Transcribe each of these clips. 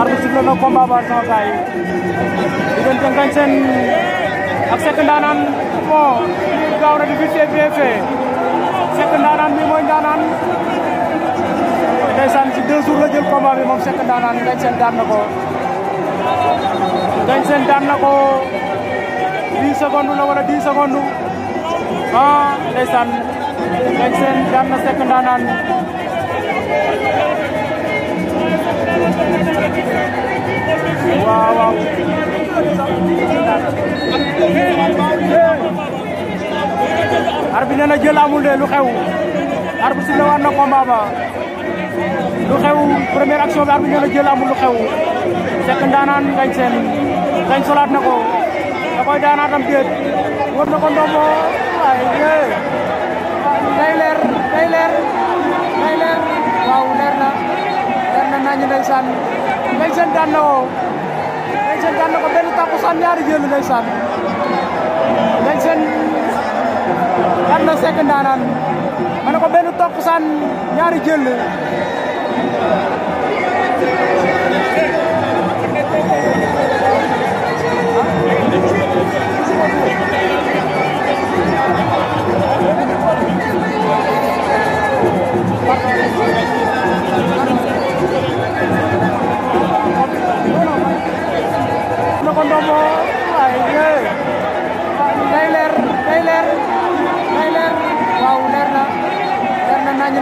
arbusiflo no komba ba no kai even tong kanchen ak sekandanan mo gaw di fife fife sekandanan mi moy ndanan ndaysan ci deux jours la jël combat bi dan nako kanchen dan nako 10 secondes la wala 10 secondes ah ndaysan kanchen dan na sekandanan arbi nee na jël amul de lu xew arbi si la na combat lu xew première action bi arbi nee na jël amul lu xew fekk ndaanaan ngañ seen ngañ solaat na ko da koy daanaatam déet wër na ko ndombo ay eh. day leer day leer day leer waaw na leer na nañu ndeysaan ngañ ngañ seen daan na ko daan ñaari jël ndeysaan dañ seen kan na sekk ndaanaan ma ne ko benn topp saan ñaari jël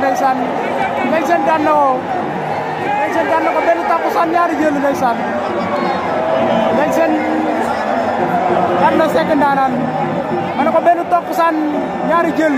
ndeysaan ndeysaan daan na woo ndeysaan daan na ko benn tàkkusaan ñaari jël ndeysaan ndeysaan daan na sekk ndaanaan ma ne ko benn tàkkusaan ñaari jël